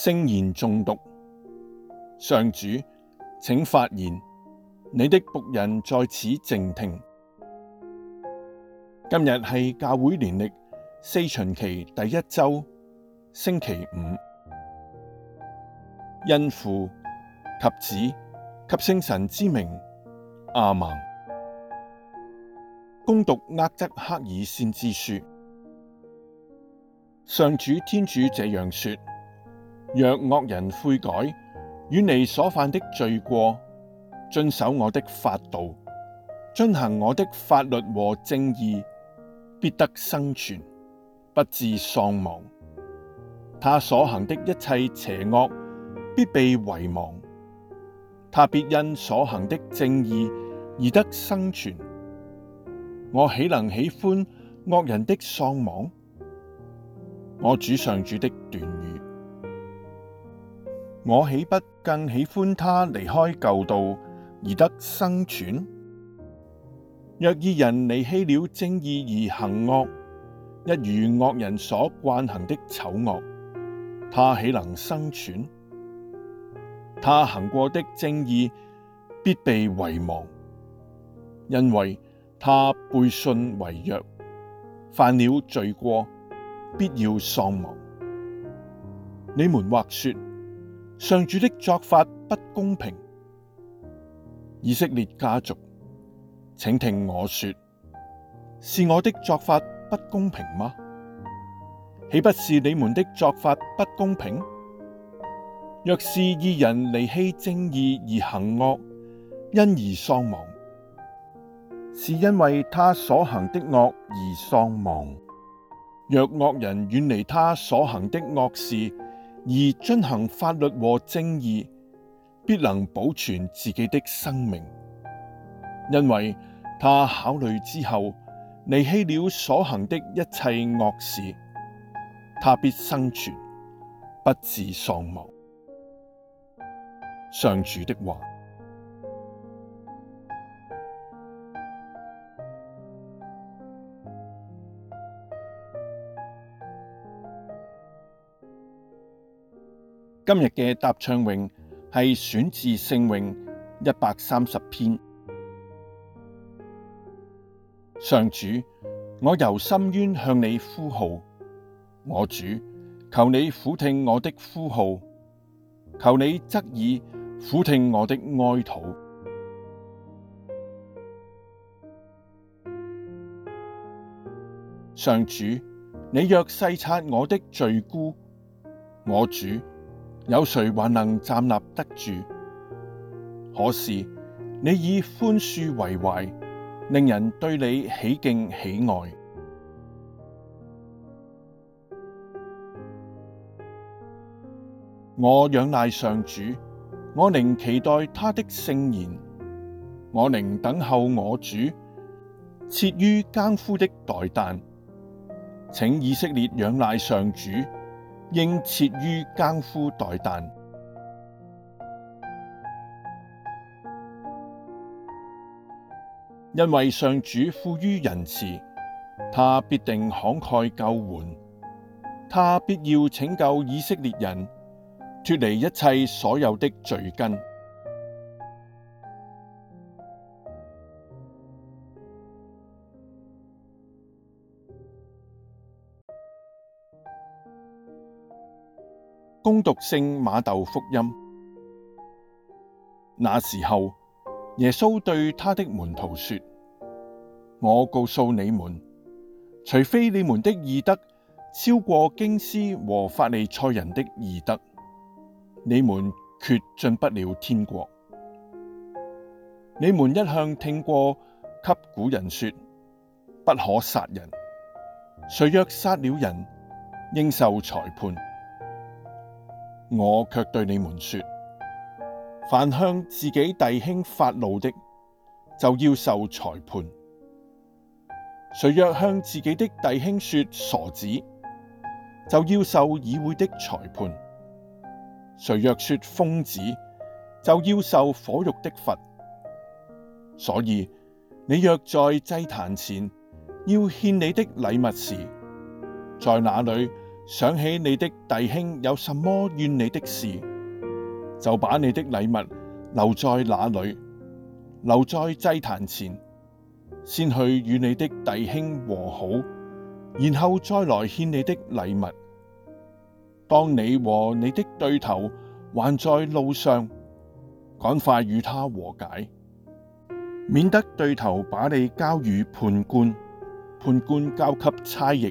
聖言誦讀，上主，請發言，你的僕人在此靜聽。今日係教會年曆四旬期第一周，星期五。因父及子及聖神之名，阿門，恭讀厄則克，克耳先知書，上主天主這樣說。若惡人悔改，遠離所犯的罪過，遵守我的法度，遵行我的法律和正義，必得生存，不致喪亡。他所行的一切邪惡必被遺忘。他必因所行的正義而得生存。我豈能喜歡惡人的喪亡？我主上主的斷語。我豈不更喜歡他離開舊道而得生存？若義人離棄了正義而行惡，一如惡人所慣行的醜惡，他豈能生存？他行過的正義必被遺忘，因為他背信違約，犯了罪過，必要喪亡。你們或說，上主的做法不公平，以色列家族，請聽我說，是我的做法不公平嗎？豈不是你們的做法不公平？若是義人離棄正義而行惡，因而喪亡，是因為他所行的惡而喪亡；若惡人遠離他所行的惡事，而遵行法律和正義，必能保存自己的生命，因為他考慮之後，離棄了所行的一切惡事，他必生存，不致喪亡。上主的話。今日嘅答唱詠係選自聖詠一百三十篇。上主，我由深淵向你呼號，我主，求你俯聽我的呼號，求你側耳俯聽我的哀禱！上主，你若細察我的罪辜，我主，有誰還能站立得住？可是，你以寬恕為懷，令人對你起敬起愛。我仰賴上主，我靈期待他的聖言，我靈等候我主，切於更夫的待旦，請以色列仰賴上主。應切於更夫待旦，因為上主富於仁慈，他必定慷慨救援，他必要拯救以色列人，脫離一切所有的罪根。恭讀聖瑪竇福音。那時候，耶穌對他的門徒說：我告訴你們，除非你們的義德超過經師和法利賽人的義德，你們決進不了天國。你們一向聽過，給古人說：不可殺人。誰若殺了人，應受裁判。我卻對你們說：凡向自己弟兄發怒的，就要受裁判；誰若向自己的弟兄說傻子，就要受議會的裁判；誰若說瘋子，就要受火獄的罰。所以，你若在祭壇前要獻你的禮物時，在那裡，想起你的弟兄有什麼怨你的事，就把你的禮物留在那裡，留在祭壇前，先去與你的弟兄和好，然後再來獻你的禮物。當你和你的對頭還在路上，趕快與他和解，免得對頭把你交與判官，判官交給差役。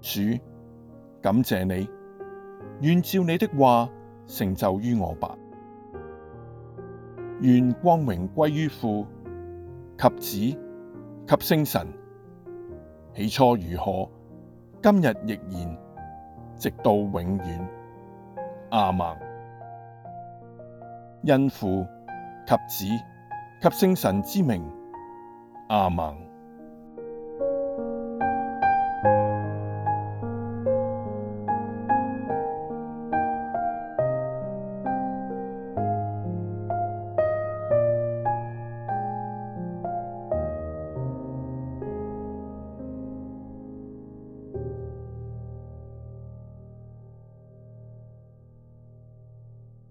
主，感謝你，願照你的話成就於我吧。願光榮歸於父及子及聖神。起初如何，今日亦然，直到永遠。阿們。因父及子及聖神之名。阿們。